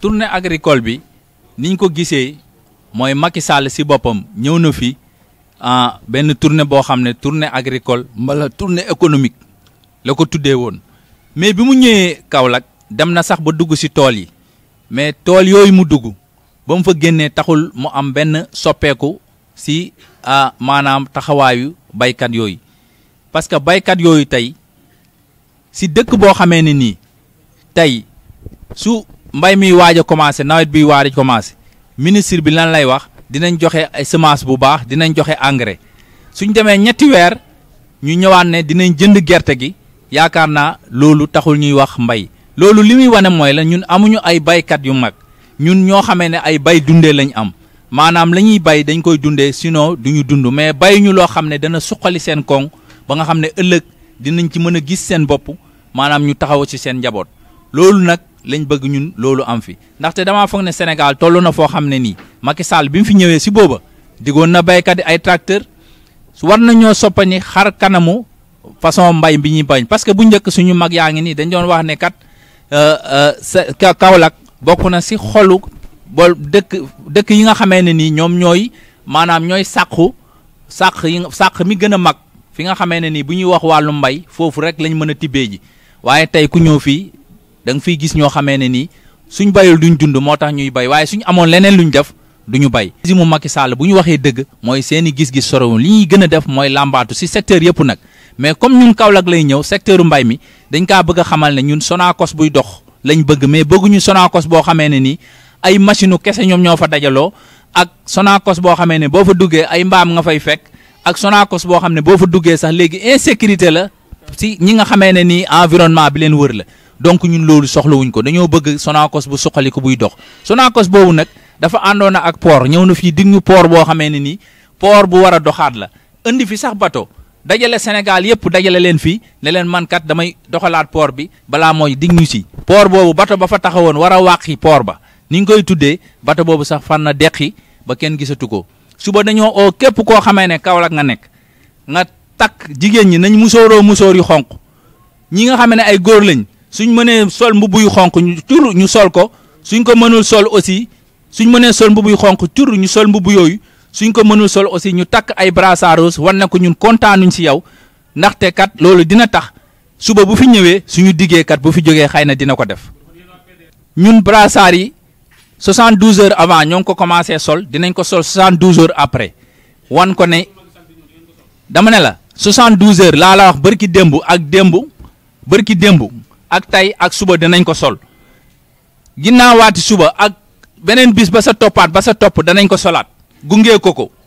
tournée agricole bi niñ ko gisee mooy Macky Sall si boppam ñëw na fi ah, benn tournée boo xam ne tournée agricole mbala tournée économique la ko tuddee woon mais bi mu ñëwee Kaolack dem na sax ba dugg si tool yi mais tool yooyu mu dugg ba mu fa génnee taxul mu am benn soppeeku si ah, maanaam taxawaayu baykat yooyu parce que baykat yooyu tey si dëkk boo xamee ne nii tey su mbay miy waaj a commencé nawet bi waaj a commencé ministre bi lan lay wax dinañ joxe ay semence bu baax dinañ joxe engrais suñ demee ñetti weer ñu ñëwaat ne dinañ jënd gerte gi yaakaar naa loolu taxul ñuy wax mbay loolu li muy wane mooy la ñun amuñu ay baykat yu mag ñun ñoo xamee ne ay bay dundee lañ am maanaam la ñuy bay dañ koy dundee sinon du ñu dund mais bayuñu loo xam ne dana suqali seen koŋ ba nga xam ne ëllëg dinañ ci mën a gis seen bopp maanaam ñu taxaw ci seen njaboot lañ bëgg ñun loolu am fi ndaxte damaa foog ne Sénégal toll na foo xam ne nii Macky Sall bi mu fi ñëwee si booba digoon na béykat yi ay tracteur war nañoo soppani xar kanamu façon mbay bi ñuy bañ parce que bu njëkk suñu mag yaa ngi nii dañ doon wax ne kat euh, euh, sa Kaolack bokk na si xolu bool dëkk dëkk yi nga xamee ne nii ñoom ñooy maanaam ñooy sàqu sàq yi sàq mi gën a mag fi nga xamee ne nii bu ñuy wax wàllu mbay foofu rek lañ mën a tibbee ji waaye tey ku ñëw fii da nga fiy gis ñoo xamee ne nii suñ bayul duñ dund moo tax ñuy bay waaye suñ amoon leneen luñ def du ñu bay mu Macky Sall bu ñu waxee dëgg mooy seeni gis-gis sorowul li ñuy gën a def mooy làmbaatu si secteur yëpp nag mais comme ñun Kaolack lay ñëw secteur mbay mi dañ kaa bëgg a xamal ne ñun Sonacos buy dox lañ bëgg mais bëgguñu Sonacos boo xamee ne nii ay machine kese ñoom ñoo fa dajaloo ak Sonacos boo xamee ne boo fa duggee ay mbaam nga fay fekk ak Sonacos boo xam ne boo fa duggee sax léegi insécurité la si ñi nga xamee ne nii environnement bi leen wër la donc ñun loolu soxlawuñ ko dañoo bëgg Sonacos bu ko buy dox Sonacos boobu nag dafa àndoon ak poor ñëw na fii dig ñu port boo xamee ne nii port bu war a doxaat la indi fi sax bato dajale Sénégal yëpp dajale leen fii ne leen man kat damay doxalaat poor bi balaa mooy dig ñu si. poor boobu bato ba fa taxawoon war a wàqi port ba ni ñu koy tuddee bato boobu sax fan na deqi ba kenn gisatu ko suba dañoo oo képp koo xamee ne Kaolack nga nekk nga takk jigéen ñi nañ musóoroo musóor yu xonq ñi nga xam ne ay góor lañ. suñ mënee sol mbubb yu xonq ñu cur ñu sol ko suñ ko mënul sol aussi suñ mënee sol mbubb yu xonq cur ñu sol mbubb yooyu suñ ko mënul sol aussi ñu takk ay brassard rose wan na ko ñun kontaanuñ si yow ndaxte kat loolu dina tax suba bu fi ñëwee suñu diggee kat bu fi jógee xëy na dina ko def ñun brassard yi 72 heures avant ñoo ngi ko commencé sol dinañ ko sol 72 heures après wan ko ne dama ne la 72 heures laa la wax bërki démb ak démb bërki démb ak tey ak suba danañ ko sol ginnaawaati suba ak beneen bis ba sa toppaat ba sa topp danañ ko solaat gungee ko ko